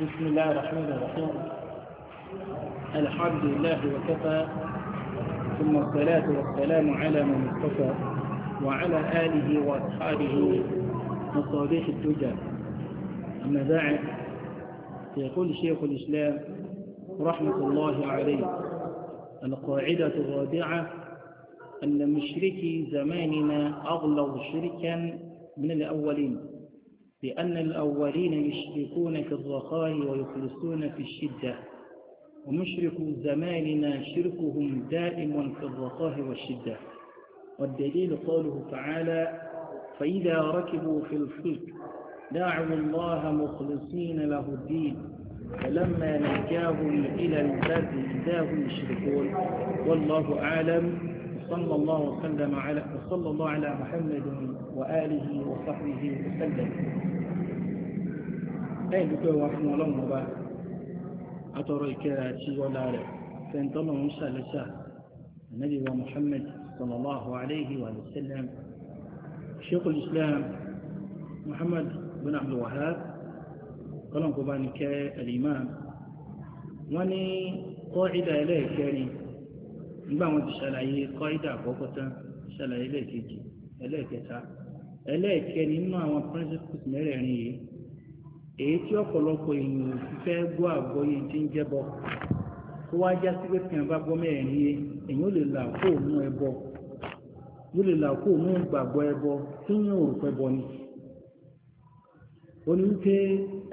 بسم الله الرحمن الرحيم الحمد لله وكفى ثم الصلاة والسلام على من اصطفى وعلى آله وأصحابه مصابيح الدجى أما بعد يقول شيخ الإسلام رحمة الله عليه القاعدة الرابعة أن مشركي زماننا أغلظ شركا من الأولين لأن الأولين يشركون في الرخاء ويخلصون في الشدة ومشركو زماننا شركهم دائم في الرخاء والشدة والدليل قوله تعالى فإذا ركبوا في الفلك دعوا الله مخلصين له الدين فلما نجاهم إلى البر إذا هم يشركون والله أعلم وصلى الله وسلم على وصلى الله على محمد وآله وصحبه وسلم lẹ́yìn dúpẹ́ wa fún ọlọ́run ọba atọrọ ìkẹrẹ àti ọlá rẹ̀ fẹ́ntọ́nà ń ṣàlẹ́sà ànábì wa Muhammad sallallahu alayhi wa sallam sheikhul islam Muhammad bin Abdul Wahhab kọ́lọ̀n kó bá ní kẹ́ al-imam wọ́n ní kọ́ìdà ẹlẹ́ẹ̀kẹrin nígbà wọn ti ṣàlàyé kọ́ìdà àkọ́kọ́ tán ṣàlàyé ẹlẹ́ẹ̀kejì ẹlẹ́ẹ̀kẹta nínú àwọn principles mẹ́rẹ̀ẹ̀rin yìí èyí tí ọ̀pọ̀lọpọ̀ èèyàn fẹ́ gbọ́ àgbọ́yé tí ń jẹ́bọ ó wá já sí pé kìnnà bá gbọ́ mẹ́rin yé èyàn ò lè là kó mú ẹbọ yóò lè là kó mú gbàgbọ́ ẹbọ tí yóò rò pẹ́ bọ ni. oní wípé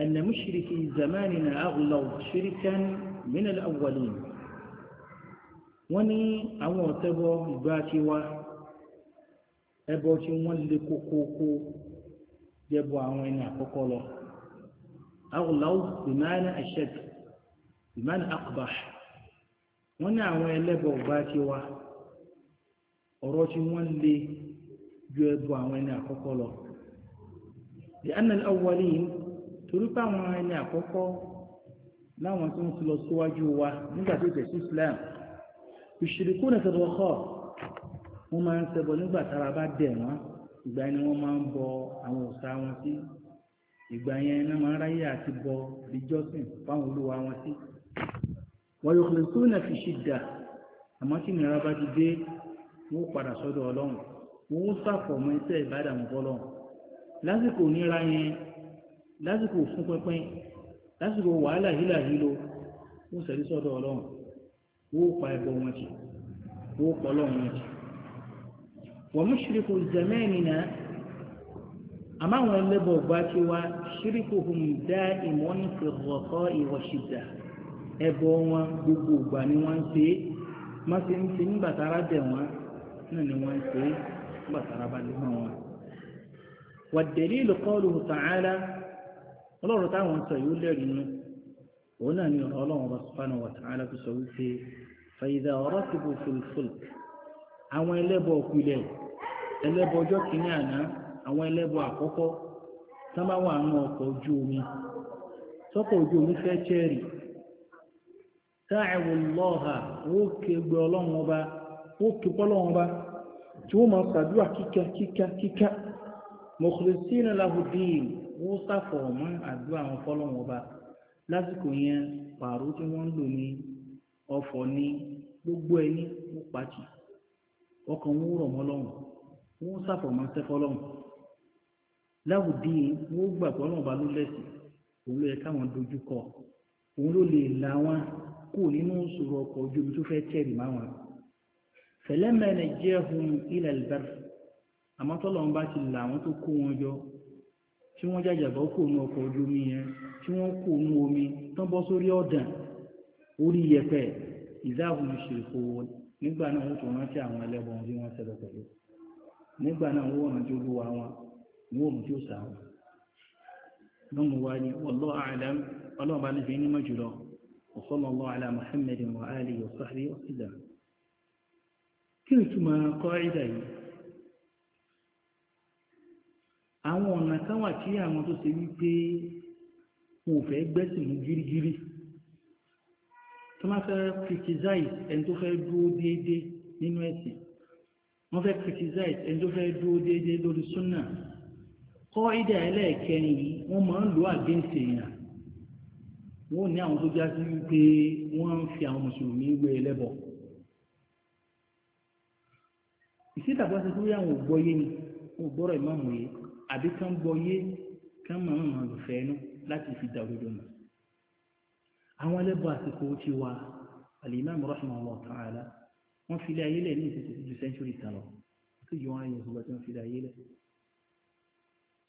ẹ̀nà mushriki zamani na aghlaw shirikan min al-awwalin ní àwọn ọ̀tẹ́bọ ìgbà tiwa ẹbọ tí wọ́n lè kókókó jẹ́bọ àwọn ẹni àkọ́kọ́ lọ. أغلظ بمعنى أشد بمعنى أقبح wọ́n ní àwọn ẹlẹ́bọ̀ ọba ti wá ọ̀rọ̀ tí wọ́n lè ju ẹbọ àwọn ẹni àkọ́kọ́ lọ di anal awwalin torí àwọn ẹni àkọ́kọ́ láwọn tí wọ́n ti lọ síwájú wa nígbà tó tẹ̀sí Islam ìṣirikú na tẹ̀lé ọkọ̀ wọ́n máa ń ṣẹbọ nígbà tára bá dẹ̀ wọ́n ìgbà ni wọ́n máa ń ìgbà yẹn iná máa ń ráyè àti bọ ìjọsìn fáwọn olúwa wọn sí. wọ́n yóò fi kúrò fi ṣe dà àmọ́ tí ìnira bá ti dé wọ́n padà sọ́dọ̀ ọlọ́run wọ́n ń sàfọ̀mọ́ iṣẹ́ ìbádàmú fọlọ́run lásìkò níra yẹn lásìkò fún pínpín lásìkò wàhálà hílàhílo wọ́n sẹ̀rí sọ́dọ̀ ọlọ́run wọ́n pa ẹbọ wọn jì wọ́n pọ̀ ọlọ́run wọn jì wọ́n mú ṣìrìkù zẹ̀mẹ́ẹ̀nì àmọ́ àwọn ẹlẹ́bọ̀ ọ̀gbá tí wá ṣíríkùhùn dá ìmọ̀nìfẹ̀ rọ̀kọ́ ìwọ̀ṣìdà ẹbọ wọn gbogbo ìgbà ni wọ́n ń ṣe é wọ́n ti ń ṣe nígbà tára bẹ̀ wọ́n náà ni wọ́n ń ṣe é nígbà tára bá lé mọ́ wọn. wàdẹ̀lí ìlúkọ́lù tààlà ọlọ́run táwọn sọ yóò lẹ́rìí nù òun náà ni ọlọ́run bá sọ́nà wà tààlà tó sọ wípé fàyídà ọ̀rọ̀ ti bù fúlfúl àwọn ẹlẹ́bọ àkọ́kọ́ tán bá wà nínú ọkọ̀ ojú omi sọ́kọ̀ ojú omi fẹ́ chẹ́rì táàwù lọ́ọ̀hà ó ké gbé ọlọ́run ọba ó ké pọ́lọ́run ọba tí wọ́n máa pàdúrà kíkà kíkà kíkà mọ̀kùrẹ́sínà làbùdíìn ó sàfọ̀ mọ́ àdúrà àwọn fọ́lọ́run ọba lásìkò yẹn pààrọ̀ tí wọ́n ń lò ní ọ̀fọ̀ ní gbogbo ẹni ó pàtì ọkàn wọn rọ̀ mọ́ lọ́run wọ́n sàfọ̀ mọ́ sẹ́fọ́ lọ́run láwùdí wọ́n gbàgbọ́ náà bá ló lẹ́sìn òun ló yẹ káwọn dojú kọ òun ló lè là wọn kó nínú ìṣòro ọkọ̀ ojú omi tó fẹ́ tẹ̀rì má wọn. fẹ̀lẹ́mẹ̀rẹ̀ jẹ́ ohun ilẹ̀ ìbẹ̀rẹ̀ àmọ́ tọ́lọ́run bá ti là wọn tó kó wọn jọ tí wọ́n jàjàbọ́ kó nu ọkọ̀ ojú omi yẹn tí wọ́n kó nu omi tán bọ́ sórí ọ̀dàn orí yẹpẹ̀ ìdáhùn ìṣèkò nígbà náà wọ́n tó rántí àwọn ẹlẹ́bọn bí wọ́n ṣẹlẹ̀ pẹ̀lú nígbà náà wọ́n rántí olúwa wọn wọ́n mú tí ó sàá lọ́mù wá ní wallahu a'lam ọlọ́run bá nífẹ̀ẹ́ ní mọ́jùlọ wa sallallahu ala muhammadin wa alihi wa sahbihi wa sallam kí ni túmọ̀ kọ́ìdà yìí àwọn ọ̀nà kan wà tí àwọn tó ṣe wípé wọn fẹ́ gbẹ́sìn gírígírí tó máa fẹ́ criticize ẹni tó fẹ́ dúró déédéé nínú ẹ̀sìn wọ́n fẹ́ criticize ẹni tó fẹ́ dúró déédéé lórí súnnà kọ́ ìdá ẹlẹ́ẹ̀kẹrin yìí wọ́n máa ń lo àgbẹ̀ǹsẹ̀ yẹn wọ́n ní àwọn tó jásí wípé wọ́n ń fi àwọn mùsùlùmí wé ẹlẹ́bọ̀ e ìṣèdàgbà ṣe tó yà wọ́n gbọ́ yé ni wọ́n gbọ́rọ̀ ìmáàmù yé àbí kán gbọ́ yé kán máa ń hàn lùfẹ́ nú láti fi dà òdodo mọ̀ àwọn ẹlẹ́bọ̀ àsìkò ti wá alimami rahimahullah ta'ala wọ́n fi ilé ayé lẹ̀ ní ìṣèṣẹ́ century kan lọ tó yọ wọn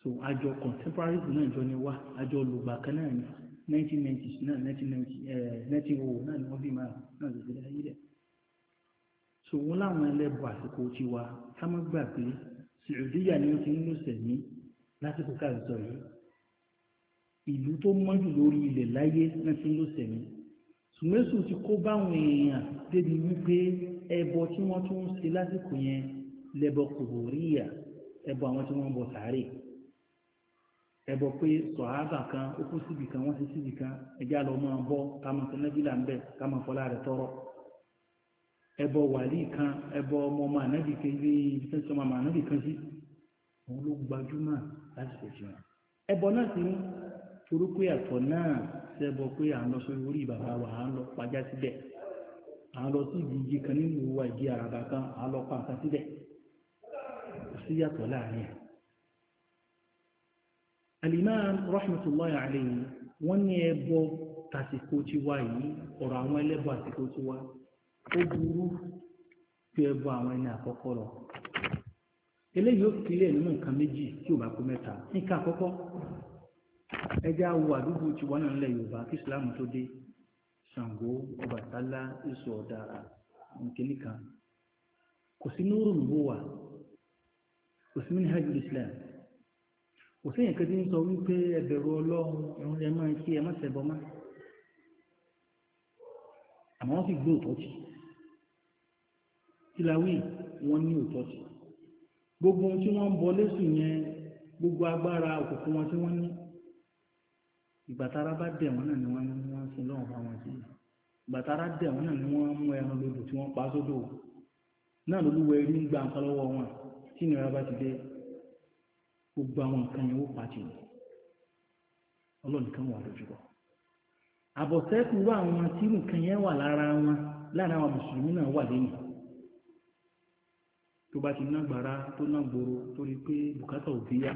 so àjọ contemporary náà jọ ni wá àjọ lùgbà kan náà ni nineteen ninety náà nineteen ninety eh, nineteen oh, oh náà ni wọ́n fi máa náà lè gbélé ayé rẹ̀ so wọn láwọn ẹlẹ́bù àsìkò tiwa ká má gbàgbé sùdíyà ni wọ́n ti ń lò sẹ̀mí lásìkò káàzọ yìí ìlú tó mọ́jú lórí ilẹ̀ láyé náà ti ń lò sẹ̀mí sùmẹ́sù ti kó báwọn èèyàn débi wípé ẹbọ tí wọ́n tún ń ṣe lásìkò yẹn lẹ́bọ kòbóríyà ẹbọ àwọn tí wọ́n ń bọ ẹbọ pé sọ̀hábà kan ó kó síbi kan wọ́n ti síbi kan ẹjá lọ máa bọ́ ká máa tẹ́lẹ̀ ń fọlá rẹ tọrọ ẹbọ kan ẹbọ ọmọ ọmọ ànábì kejì ibi ma ọmọ ànábì kan sí òun ló gbajúmọ̀ lásìkò jù ẹbọ náà ti ń náà pé à ń lọ sórí orí bàbá wa à ń lọ pàjá à ń lọ sí ìdíje kan nínú ìwà ìdí àràbà kan à alimam rahmatullahi alayhi wọ́n ní ẹbọ tàsìkò tí wá yìí ọ̀rọ̀ àwọn ẹlẹ́bọ àsìkò tí wá ó burú ju ẹbọ àwọn ẹni àkọ́kọ́ lọ eléyìí ó kílẹ̀ nínú nǹkan méjì tí ò bá kó mẹ́ta nǹkan àkọ́kọ́ ẹjẹ́ àwọ àdúgbò tí wọ́n náà lẹ̀ yorùbá kí ìsìláàmù tó dé ṣàngó ọbàtálá islam kò sí nǹkan tí ń sọ wípé ẹ bẹ̀rù ọlọ́run ẹ̀rùn lẹ máa kí ẹ má ṣẹbọ má àmọ́ wọ́n sì gbé òtọ́ sí kíláwì wọ́n ní òtọ́ sí gbogbo ohun tí wọ́n ń bọ lẹ́sùn yẹn gbogbo agbára òkùnkùn wọn tí wọ́n ní ìgbàtara bá dẹ̀ wọ́n náà ni wọ́n wọ́n sin lọ́wọ́ bá wọn sí ìgbàtara dẹ̀ wọ́n náà ni wọ́n mú ẹran lodò tí wọ́n pa sódò náà lolúwẹ̀ẹ́ ń gba lọ́wọ́ wọn tí ìnira bá ti dé gbogbo àwọn nǹkan yẹn ó pàtì ní ọlọ́run kan wà lójú bọ̀ àbọ̀sẹ́kù wà àwọn tí nǹkan yẹn wà lára wọn lára àwọn mùsùlùmí náà wà lẹ́yìn tó bá ti ná gbàrá tó ná gbòòrò torí pé bùkátà ò bíyá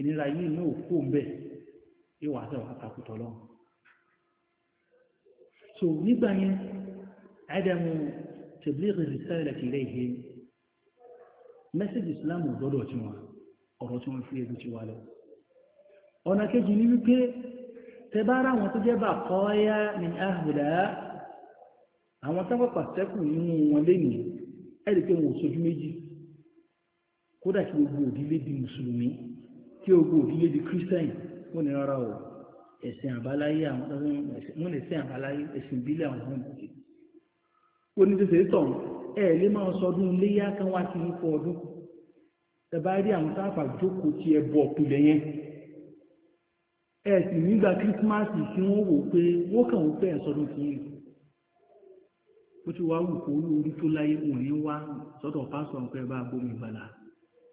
ìnira yìí náà ò kó bẹ́ẹ̀ yóò wá sẹ́wọ̀n àtàkùtọ̀ lọ́wọ́ so nígbà yẹn ádámù tabligh risalati ilayhim mẹ́sẹ̀gì islam ò gbọ́dọ̀ tí wọn ọ̀rọ̀ tí wọ́n fi ẹ̀dù ti wà lọ. ọ̀nà kejì ní wípé tẹbára àwọn tó jẹ́ bà kọ́ọ́yá ní àhùdá àwọn tápàpà sẹ́kù nínú wọn lẹ́yìn ẹ̀rì pé wọn ò sojú méjì kódà kí gbogbo òdílé di mùsùlùmí kí gbogbo òdílé di kírísítẹ́n wọn ni rárá o ẹ̀sìn àbáláyé àwọn tó ń ẹ̀sìn àbáláyé ẹ̀sìn ìbílẹ̀ àwọn ọmọ ìjì ó ní tẹ̀sẹ̀ tọ̀ ẹ̀ lè máa sọdún léyà kan wá sí ipò ọdún ẹ bá rí àwọn sáfà jókòó tí ẹ bọ ọ̀pìlẹ̀ yẹn ẹ sì nígbà kírísímásì tí wọ́n wò pé wọ́n kàn ń fẹ́ sọdún fún yìí ó ti wá wù kó lórí tó láyé wò ní wá sọ́dọ̀ pásọ̀ nǹkan ẹ bá gbómi ìgbàlà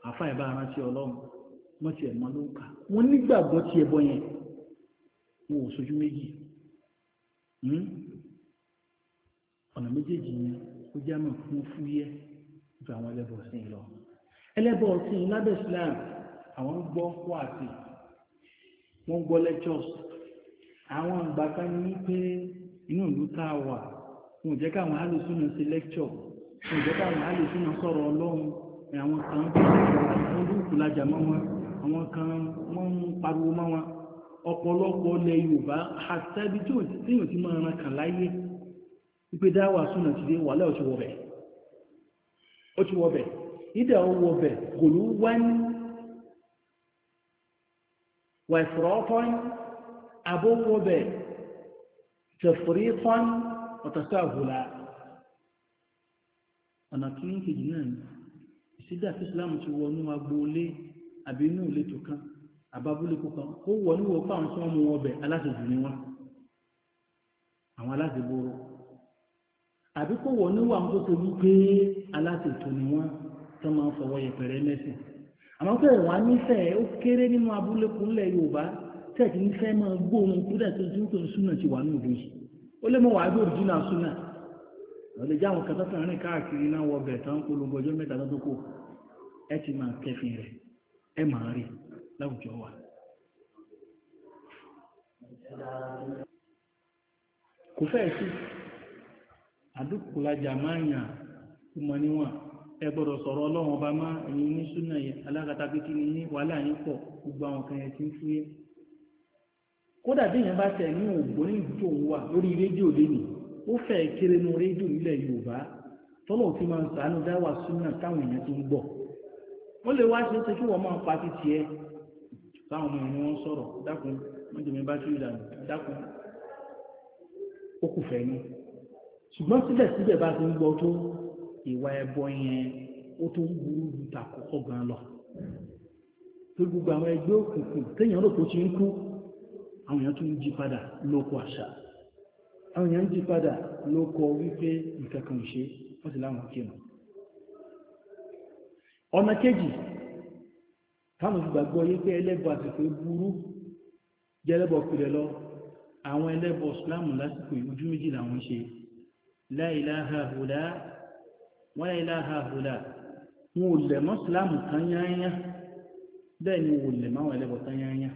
àfa ẹ bá rántí ọlọ́run wọ́n ti ẹ̀ mọ́ ló ń kà wọ́n nígbàgbọ́ tí ẹ bọ yẹn wọn ò sojú méjì hmm? ọ̀nà méjèèjì yẹn ó já mọ̀ fún fúyẹ́ ju àwọn ẹlẹ́bọ̀ sí lọ ẹlẹ́bọ̀ tí ń lábẹ́ Islam àwọn ń gbọ́ wáàsí wọ́n gbọ́ lectures àwọn àgbà kan ní pé inú ìlú tá a wà wọn ò jẹ́ káwọn alùsùnà ṣe lecture wọn ò jẹ́ káwọn alùsùnà sọ̀rọ̀ ọlọ́run àwọn kan wọ́n dúkù lájà mọ́ wọn àwọn kan wọ́n ń pariwo mọ́ wọn ọ̀pọ̀lọpọ̀ ilẹ̀ Yorùbá àtẹ́bí tí yóò ti máa ran kàn láyé wípé dáwà súnà ti dé wà láì ó ti wọ̀ bẹ̀ ìdá owó ọbẹ̀ kò ló wáyé wà ìfọ̀rọ̀tọ́n àbówó ọbẹ̀ tẹ̀fọ̀rítọ́n ọ̀tọ̀tọ̀ àbúlá ọ̀nà tó ń kejì náà ni ìsídà tí Islam ti wọnú agboolé àbí inú ìletò kan àbábúlé kọ̀ọ̀kan ó wọ níwọ̀ fáwọn tí wọ́n mú ọbẹ̀ ni wọ́n àwọn aláṣeboro àbí kò wọ àwọn tó ti pé aláṣetò ni wọ́n tó máa ń fọwọ́ yẹpẹrẹ mẹ́sìn àmọ́ pé wà nífẹ̀ẹ́ ó kéré nínú abúlé kúnlẹ̀ Yorùbá tẹ̀sí nífẹ̀ẹ́ máa gbóhun kúrò tó tún tó súnà ti wà yìí ó mọ wàá bí òbí náà súnà lọ́dẹ jẹ́ àwọn kẹta rìn káàkiri náà wọ bẹ̀rẹ̀ tán polongo wa. kò fẹ́ẹ̀ sí ẹ gbọ́dọ̀ sọ̀rọ̀ ọlọ́run ọba má ẹ̀yin ní súnà yẹn alágàtà pété ni yín wàhálà yín pọ̀ gbogbo àwọn kan yẹn ti ń fúyẹ́. kódà bí èèyàn bá tẹ̀ ní òògùn ní ìdíjọ òun wà lórí rédíò lẹ́nu ó fẹ́ kéré nu rédíò nílẹ̀ Yorùbá tọ́lọ̀ ti máa ń sàánú dáwà súnà táwọn èèyàn ti ń gbọ́. ó lè wá ṣe é kí wọ́n máa pa ti tiẹ̀ táwọn ọmọ ìwà ẹbọ yẹn ó tó ń burú ju tàkọ́kọ́ gan lọ tó gbogbo àwọn ẹgbẹ́ òkùnkùn téèyàn rò kó ti ń kú àwọn èèyàn tún ń jí padà lóko àṣà àwọn èèyàn ń jí padà lóko wípé ìkankan ṣe wọ́n ti láwọn kí ọ̀nà kejì táwọn ìgbàgbọ́ yé pé ẹlẹ́bọ àsìkò burú jẹ́lẹ́bọ pìlẹ̀ lọ àwọn ẹlẹ́bọ ìsìláàmù lásìkò ìrújú méjì làwọn ṣe la ilaha wọ́n ilá àhùlà wọn ò lè mọ́ bẹ́ẹ̀ ni wọ́n máwọn ẹlẹ́bọ̀ tán yányá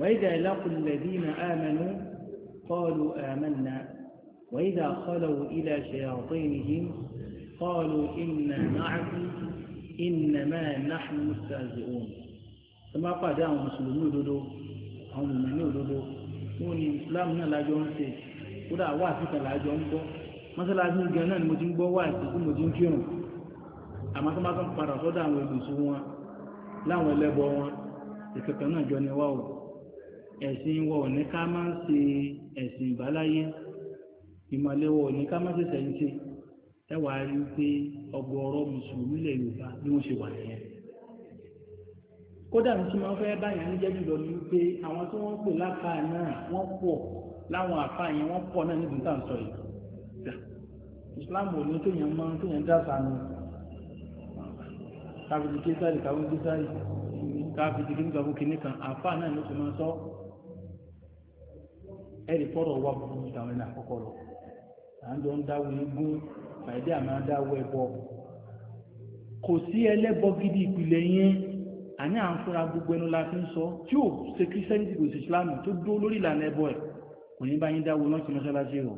وإذا لقوا الذين آمنوا قالوا آمنا وإذا خلوا إلى شياطينهم قالوا إنا معكم إنما نحن مستهزئون náà mọ́sálásí gan náà ni mo ti ń gbọ́ wà ìsìnkú mo ti ń kírun àmọ́ tó máa tán padà sọ́dọ̀ àwọn olùsùn wọn láwọn ẹlẹ́bọ wọn ìkẹ̀kẹ̀ náà jọ ni wá o ẹ̀sìn wọ ò ní ká máa ń ṣe ẹ̀sìn ìbáláyé ìmọ̀lẹ̀ wọ ò ní ká máa ń ṣẹ̀ṣẹ̀ ń ṣe ẹ rí pé ọ̀gọ̀ọ̀rọ̀ mùsùlùmí lè Yorùbá bí wọ́n ṣe wà nìyẹn kódà ní tí wọ́n fẹ́ báyà ní jẹ́jú lọ ní wípé àwọn tí wọ́n pè lápá náà wọ́n pọ̀ láwọn àpá yẹn wọ́n pọ̀ náà níbi tá ń sọ yìí islam ò ní kéèyàn mọ́ kéèyàn dá sànù káfíìsì késáì káfíìsì késáì káfíìsì kí nǹkan fún kinní kan àfáà náà ló ti máa sọ ẹ̀rì fọ́rọ̀ wà fún ìtàwọn ẹ̀nà àkọ́kọ́ lọ à ń jọ ń dáwọ egún fàìdí àmà dáwọ ẹbọ kò sí ẹlẹ́bọ gidi ìpìlẹ̀ yẹn àní à ń fúnra gbogbo ẹnu la fi ń sọ tí ò ṣe kírísítẹ́nì kò sí islámù tó dúró lórí ìlànà ẹbọ ẹ̀ kò ní bá yín dáwọ náà ti mọ́ṣáláṣí rọ̀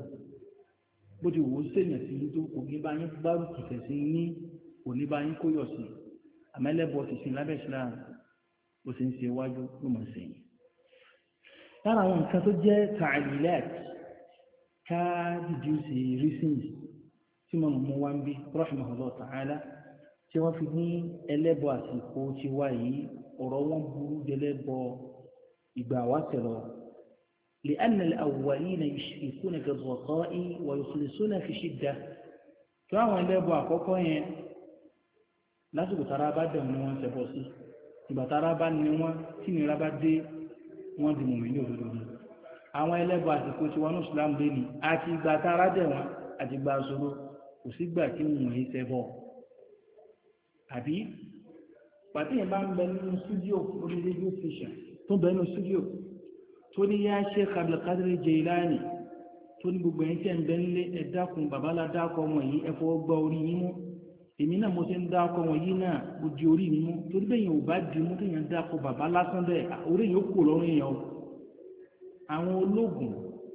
bó ti wò ó sèyàn sí yín tó kò ní bá yín gbárùkù tẹ̀sí yín kò ní bá yín kóyọ̀ sí àmẹ́lẹ́bọ̀ ti sin lábẹ́ Islam ó sì ń ṣe iwájú ló mọ̀ sẹ́yìn. lára àwọn nǹkan tó jẹ́ tààlìlẹ́t ká dìdí sí rísìnyí tí mo mú wá ń bí rahimahullah ta'ala tí wọ́n fi ní ẹlẹ́bọ̀ àsìkò tiwa yìí ọ̀rọ̀ wọn burú jẹlẹ́bọ̀ ìgbà wá tẹ̀lọ́ لأن الأولين يشركون في الرخاء ويخلصون في شدة. كما أن أبو أكوكو lásìkò tara bá dẹ̀mù ni wọ́n ń ṣẹbọ sí ìgbà tara bá ní wọ́n tí nira bá dé wọ́n di mùmí ní òdodo ni àwọn ẹlẹ́bọ àsìkò tí wọ́n ní islam dé ni àti ìgbà tara dẹ̀ àti ìgbà ṣòro kò sígbà tí wọ́n ń ṣẹbọ àbí pàtẹ́yìn bá ń bẹ nínú studio orí radio station tó bẹ nínú studio tó ní yá Sheikh Abdulkadir Jailani tó ní gbogbo ẹ̀yìn tẹ̀ ń bẹ́ nílé ẹ dákun bàbá la dákọ̀ wọn yìí ẹ fọwọ́ gbọ́ orí yín mú èmi náà mo ti ń dákọ̀ wọn yìí náà mo di orí mi mú torí bẹ́ẹ̀ yẹn ò bá di mú kéèyàn dákọ̀ bàbá lásán bẹ́ẹ̀ orí yẹn ó kò lọ́rùn yẹn o àwọn ológun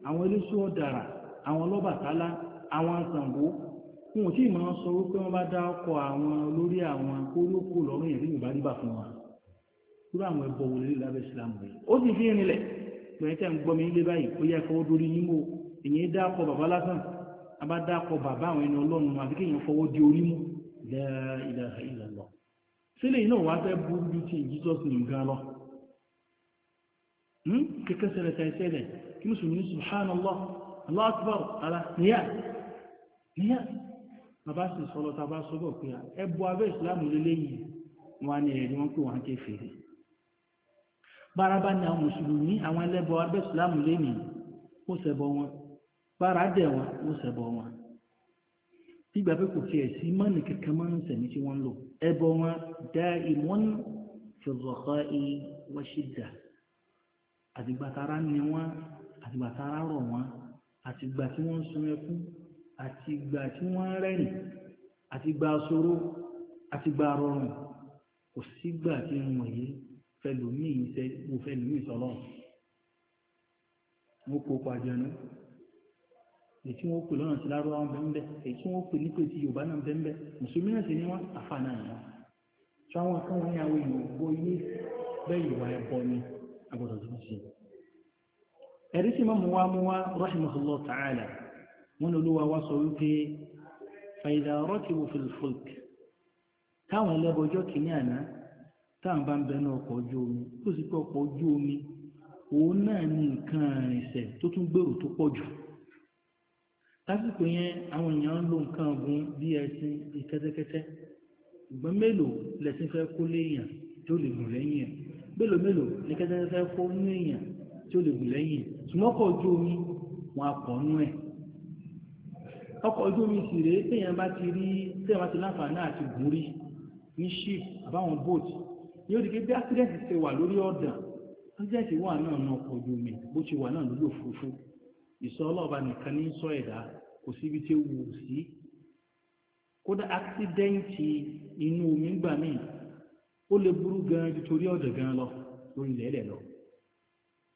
àwọn eléṣú ọ̀dàrà àwọn ọlọ́bàtálá àwọn àṣàǹbó wọn ò tí sọ wípé wọ́n bá dákọ̀ àwọn olórí àwọn akólókò lọ́rùn yẹn bí mo bá fún wa irú àwọn ẹbọ wọlé pẹ̀lú tẹ̀ ń gbọ́ mi nílé báyìí ó yẹ kó o dorí yín mò èyí dá akọ bàbá lásán a bá dá akọ bàbá àwọn ẹni ọlọ́run àti kéèyàn fọwọ́ di orí mú la ilaha illallah sílẹ̀ iná wàá fẹ́ burú ju ti Jesus ní nǹkan lọ hmm? kékeré sẹlẹ̀ sẹlẹ̀ sẹlẹ̀ kí mùsùlùmí subhanallah allah akbar ala níyà níyà bàbá sì sọlọ tá a bá sọ bọ̀ pé ẹ bu abẹ́ ìsìlámù lélẹ́yìn wọn ni ẹ̀rí wọn pé wọn á ké bárabá ni àwọn mùsùlùmí àwọn ẹlẹ́bọ abẹ́ ìsìlámù lẹ́nìí ó ṣẹbọ wọn bára dẹ̀ wọn ó ṣẹbọ wọn gbígbà pé kò fi ẹ̀sí mọ́nì kankan máa ń sẹ̀mí tí wọ́n ń lò ẹbọ wọn dá ìmọ́n fìrọ̀kọ́ ìwọ́ṣídà àtìgbàtara ni wọ́n àtìgbàtara rọ̀ wọ́n àtìgbà tí wọ́n ń sun ẹkún àtìgbà tí wọ́n ń rẹ́rìn àtìgbà ṣòro àtìgbà rọrùn kò sígbà tí wọ́n yìí fẹlòmíì ìṣẹ́ mo fẹlòmíì sọ́lọ́ mo kó pàjọ náà èyí tí wọ́n pè lọ́nà sí lárúbáwá bẹ́ẹ̀ èyí tí wọ́n pè nípe ti yorùbá náà bẹ́ẹ̀ mùsùlùmí náà sì ní wọ́n àfa náà ni wọ́n tí àwọn ní àwọn èèyàn gbọ́ ilé bẹ́ẹ̀ ìwà ẹ̀bọ ni agbọ́dọ̀ tó ṣe ẹ̀rí sì máa mú wá mú wá rahimahullah ta'ala wọn olúwa wá sọ wípé fàyìlà rọ́kìwò fìlfòk táwọn ẹlẹ́bọjọ́ kìíní àná táwọn bá ń bẹ náà ọkọ̀ ojú omi tó sì pé ọkọ̀ ojú omi òun náà ní nǹkan àrìnsẹ̀ tó tún gbèrò tó pọ̀ jù lásìkò yẹn àwọn èèyàn ń lo nǹkan ọ̀gùn bí ẹṣin ìkẹ́tẹ́kẹ́tẹ́ ìgbọ́n mélòó lẹ́sìn fẹ́ kó léèyàn tí ó lè gùn lẹ́yìn ẹ̀ mélòó mélòó ní kẹ́tẹ́kẹ́tẹ́ fẹ́ kó nú èèyàn tí ó lè gùn lẹ́yìn ẹ̀ ṣùgbọ́n ọkọ̀ ojú omi wọn a pọ̀ nú ẹ̀ ọkọ̀ ojú omi sì rèé téèyàn bá ti rí téèyàn bá ti láǹfààní àti gùn rí ní ship àbáwọn boat yóò di pé bí accident ṣe wà lórí ọ̀dàn accident wà náà náà kò ju omi bó ṣe wà náà lórí òfurufú ìsọ ọlọ́ọ̀bá nìkan ní sọ ẹ̀dá kò síbi tí ó wù ú sí kódà accident inú omi gbà míì ó lè burú gan ju torí ọ̀dàn gan lọ lórí ilẹ̀ lọ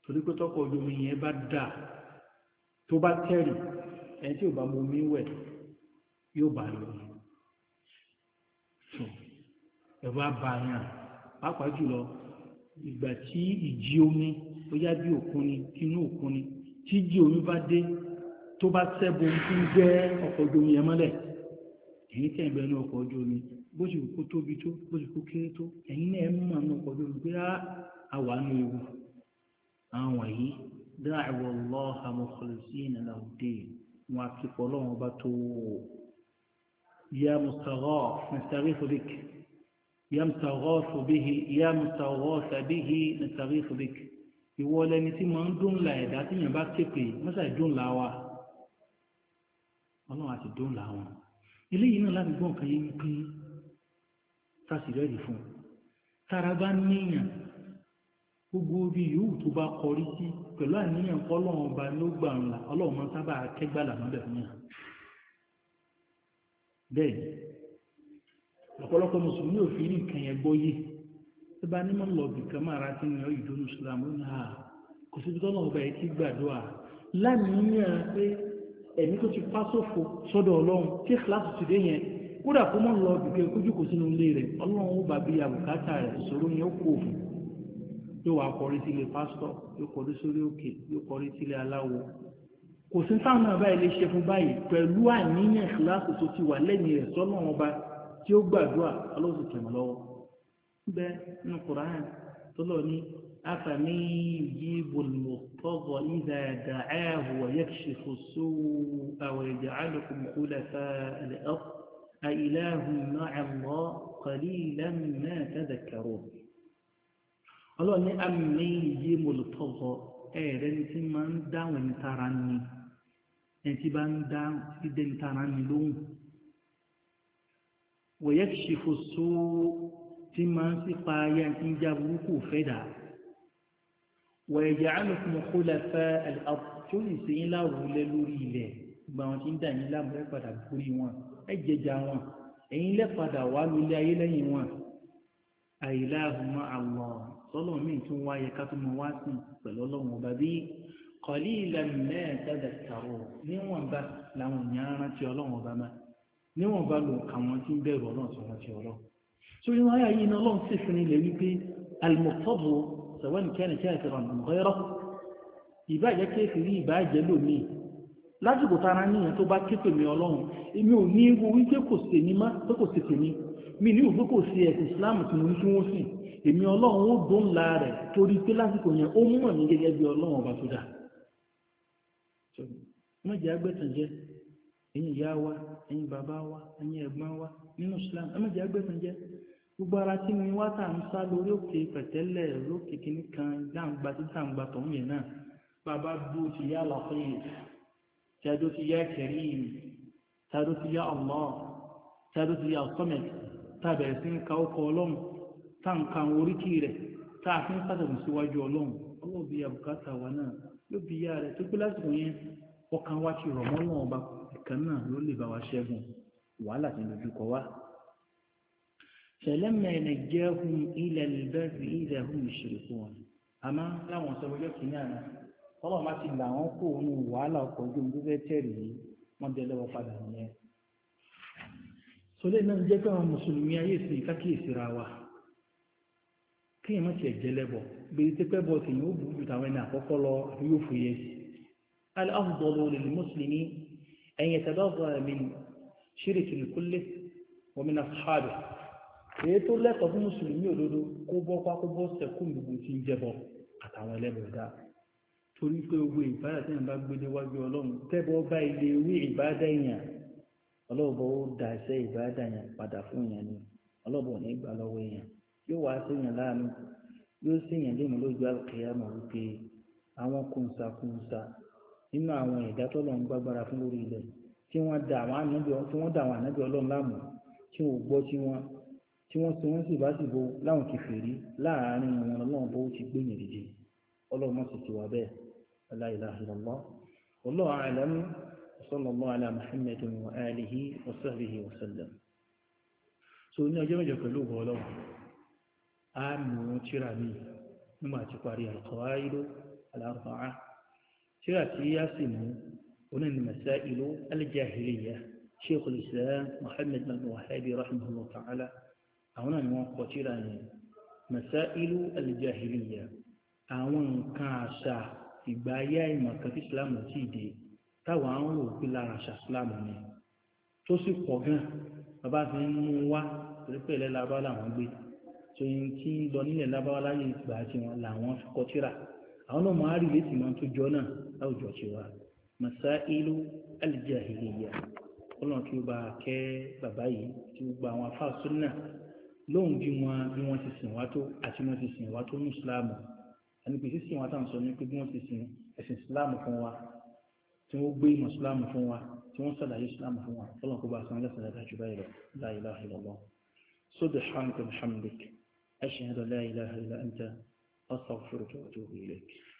torí pé tọkọ ojú omi yẹn bá dà tó bá tẹ̀rì ẹni tí ò bá mu omi wẹ̀ yóò bá lọ ẹ̀rọ abàyàn pàápàá jùlọ ìgbà tí ìjì omi ó yá bí òkun ni inú òkun ni tí ìjì omi bá dé tó bá sẹ́bo tó ń jẹ́ ọkọ̀ ojú omi yẹn mọ́lẹ̀ ẹ̀yin tẹ̀ ń bẹ ní ọkọ̀ ojú omi bó ṣe kó tóbi tó bó ṣe kó kéré tó ẹ̀yin náà ń mọ̀ ní ọkọ̀ ojú omi pé àwa nù ewu àwọn wọ̀nyí dáàwọ̀ lọ́ha mọ̀kànlẹ́sí ìnàlá òde wọn àti pọ̀ lọ́wọ́n bá tó yá mùsàlọ́ mùsàlẹ́ fọlẹ́kì yamtaghasu bihi yamtaghasu bihi nastaghisu bik ìwọ lẹni tí mo ń dóńlà ẹ̀dá tí yẹn bá képe mọ́sá ìdóńlà wa ọlọ́run àti dóńlà wọn eléyìí náà láti gbọ́n kan yé wípé sásìrẹ́rì fún tára bá níyàn gbogbo orí yòówù tó bá kọrí sí pẹ̀lú àníyàn ọlọ́run ọba ló gbà ńlá ọlọ́run máa sábà kẹ́gbàlà mọ́bẹ̀ fún yàn bẹ́ẹ̀ ọ̀pọ̀lọpọ̀ mùsùlùmí ò fi rí nǹkan yẹn gbọ́yé tó bá ní mọ́lọ́ọ̀bì kan máa ra tí nìyọ́ ìdó mùsùlùmí náà kò síbi tọ́nà ọba yìí ti gbàdúrà láníyàn pé ẹ̀mí tó ti pa sófo sọ́dọ̀ ọlọ́run tí kíláàsì ti dé yẹn kódà kó mọ́lọ́ọ̀bì kan kójú kò sínú ilé rẹ̀ ọlọ́run ó bá bí àbùkátà rẹ̀ ìṣòro yẹn ó kó òfin yóò wá kọrí sílé pásítọ̀ yóò kọrí sórí òkè yóò kọrí sílé aláwo kò sí táwọn náà báyìí ṣe fún báyìí pẹ̀lú àníyàn kíláàsì tó ti wà lẹ́yìn rẹ̀ sọ́nà ọba tí ó gbàdúrà ọlọ́sùn tẹ̀wọ̀n lọ́wọ́ bẹ́ nínú Kùránì tó lọ ní afẹ́mi yìí bòlùmọ̀ tọ́gọ̀ ìdá ẹ̀dá ẹ̀hù ọ̀yẹ́kṣẹ̀ fòṣó àwọn ẹ̀dá alùpùpù mọ̀kúlẹ̀fẹ́ ẹ̀lẹ́ ọ́ àìlẹ́hùn náà ẹ̀mọ́ kọ̀lí ìlẹ́mì náà tẹ́dẹ̀kẹ̀rọ̀ ọlọ́ni àmì yìí mọ̀lùtọ́gọ̀ ẹ̀rẹ́ ní ti máa ń bee ni kurani ẹ̀ntara ni ẹ̀ eda ehu oyekse so bá ń dá ìdẹ̀ntara ni ti maa n dawon entara ni e ti ba n da tara ni lohun wòye ṣìfòsó tí máa ń sípa ayé tí ń já burúkú fẹ́ dà wòye jẹ́ àlùkùn kó lè fẹ́ àti òní sí ńlá òwúlé lórí ilẹ̀ gba wọn tí ń dà yín láàmú ẹ padà borí wọn ẹ jẹjà wọn ẹ̀yin lẹ padà wá lulẹ̀ ayé lẹ́yìn wọn àìláhùnmá àlọ́ sọ́lọ́ mi tún wá yẹ ká tó mọ wá sí pẹ̀lú ọlọ́run ọba bí kọ̀lí ìlànà mẹ́ẹ̀ẹ́dẹ́gbẹ̀ta ọ̀ níwọ̀nba làwọn èèyàn rántí ọlọ́run ọba máa níwọ̀n bá lò àwọn tí ń bẹ̀rù ọlọ́run tí wọ́n ti ọlọ́run tó yẹ wọ́n yáyí iná ọlọ́run sì fún ilẹ̀ wípé alimọ̀tọ́bù sẹ̀wọ́n kẹ́ni kẹ́ni ti ràn mọ́ẹ́rọ́ ìbáyẹ kéfìrí ìbáyẹ lómi lásìkò tara níyàn tó bá kéfè mi ọlọ́run èmi ò ní irú wípé kò sí èmi má pé kò sí tèmi mi ní òfin kò sí ẹ̀sìn Islam tí mo ní kí wọ́n sìn èmi ọlọ́run ó dó ńlá rẹ̀ torí pé lásìkò yẹn ó mọ̀ mí gẹ́gẹ́ bí ọlọ́run ọba tó dáa. mọ̀jẹ̀ agbẹ́tàn jẹ́ ẹ̀yin ìyá wa ẹ̀yin bàbá wa ẹ̀yin ẹ̀gbọ́n wa nínú Islam ẹ méjì agbẹ́sìn jẹ́ gbogbo ara tí mi wá tà ń sá lórí òkè pẹ̀tẹ́lẹ̀ lókè kìíní kan dáǹgbà tí dáǹgbà tó ń yẹn náà bàbá bú ti yá làfẹ́ tàdó ti yá Karim tàdó ti yá Allah tàdó ti yá Samad tàbẹ̀rẹ̀ sí ń ka ọkọ̀ ọlọ́run tá ń ka oríkì rẹ̀ tá a fi ń sàtẹ̀kùn síwájú ọlọ́run ọlọ́run bí abùkátà wa náà ló bí yá rẹ̀ tó pé lásìkò yẹn ọkàn wa ti rọ̀ mọ́wọ́n ọba ẹ̀kan náà ló lè bá wa ṣẹ́gun wàhálà ti dojú kọ wá. sẹlẹ́mà ẹ̀nà jẹ́ ohun ilẹ̀ lẹ́bẹ̀rẹ̀ ilẹ̀ ohun ìṣèlú wọn àmọ́ láwọn sọ ọjọ́ kìíní àná ọlọ́run bá ti là wọ́n kó òun wàhálà ọkọ̀ ojú omi fẹ́ tẹ̀lé yìí wọ́n dẹ lọ́wọ́ padà nìyẹn. sọlẹ́ náà jẹ́ pé àwọn mùsùlùmí ayé ìsìn kákíyèsí ra wa kéèyàn má tiẹ̀ jẹ́ lẹ́bọ̀ gbèsè pẹ́ الأفضل للمسلم أن يتبرأ من شرك الكل ومن أصحابه ètò lẹ́tọ̀ọ́ fún mùsùlùmí òdodo kó bọ́ sẹ́kùn gbogbo tí ń jẹbọ àtàwọn ẹlẹ́bọ̀dá torí pé owó ìbádà tí wọ́n bá gbé déwájú ọlọ́run tẹ́bọ̀ bá ilé rí èèyàn ọlọ́bọ̀ ó dà padà fún èèyàn ni ọlọ́bọ̀ ní ìgbà nínú àwọn ẹ̀dá tọ́lọ̀ ń gbàgbára fún lórí ilẹ̀ tí wọ́n dà àwọn ànábì tí wọ́n dà àwọn ànábì ọlọ́run láàmú tí wọ́n gbọ́ tí wọ́n tí wọ́n wọ́n bo láwọn láàárín ọlọ́run bó ti gbé yẹn dìde ọlọ́run má sì ti wà bẹ́ẹ̀ la ilaha illallah wallahu a'lam ala muhammadin wa alihi wa sahbihi so ní ọjọ́ mẹ́jọ pẹ̀lú ọlọ́run a mú tíra mi nígbà tí parí tíra tí a sì mú oní ni masailu al-jahiliya sheikh al-islam muhammad bin wahabi rahimahullah ta'ala àwọn náà ni wọ́n kọ tíra yẹn masailu al-jahiliya àwọn nǹkan àṣà ìgbà ayé àìmọ̀ kan tí islam ti dé táwọn àwọn òpin lára àṣà islam ni tó sì pọ̀ gan bàbá fi ń mú wá pẹ̀lẹ́pẹ̀lẹ́ lábá làwọn gbé tòyìn tí ń lọ nílẹ̀ lábáwá láyé ìgbà tí wọn làwọn fi kọ tíra àwọn náà máa rí létí máa tó jọ náà láwùjọ ṣe wa masailu aljahiliya ọlọ́run kí ó bá kẹ́ bàbá yìí tí ó gba àwọn afá súnà lóhùn bí wọn bí wọn ti sìn wá tó àti wọn ti sìn wá tó ní ìsìláàmù àti pèsè sìn wá táwọn sọ ní pé bí wọn ti sìn ẹ̀sìn ìsìláàmù fún wa tí wọn gbé ìmọ̀ ìsìláàmù fún wa tí wọn sàlàyé ìsìláàmù fún wa ọlọ́run kó bá san lẹ́sìn lẹ́sìn àjùbá ìlọ la ilaha أستغفرك وأتوب إليك